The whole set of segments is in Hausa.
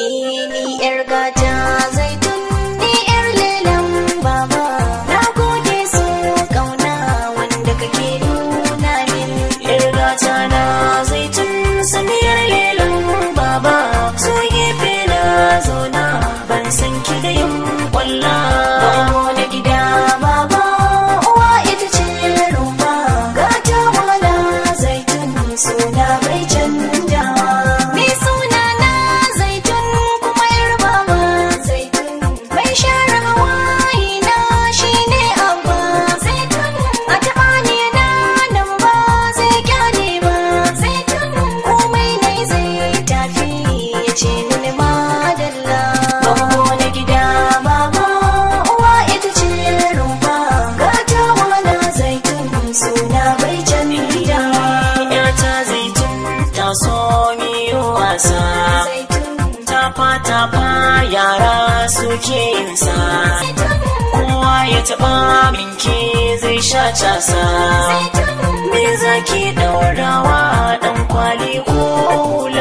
fili yar gata zai tafa-tafa yara suke yinsa kowa ya taɓa minki zai sha casa me zaki wa ɗan kwali ko hula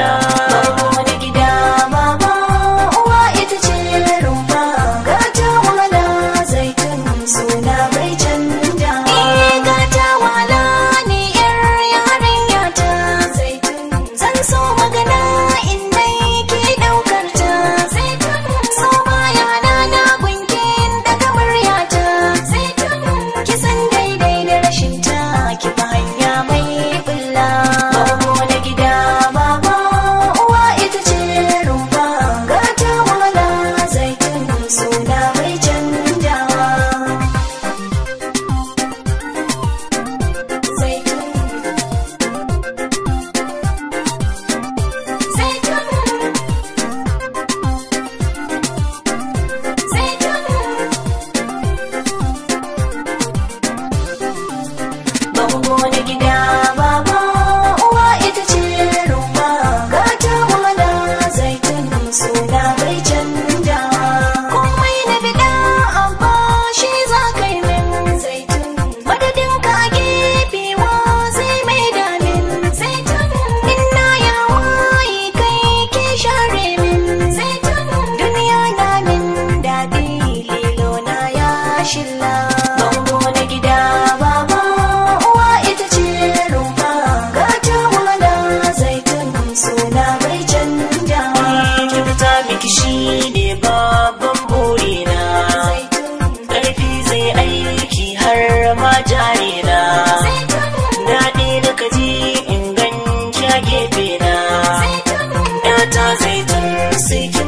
see.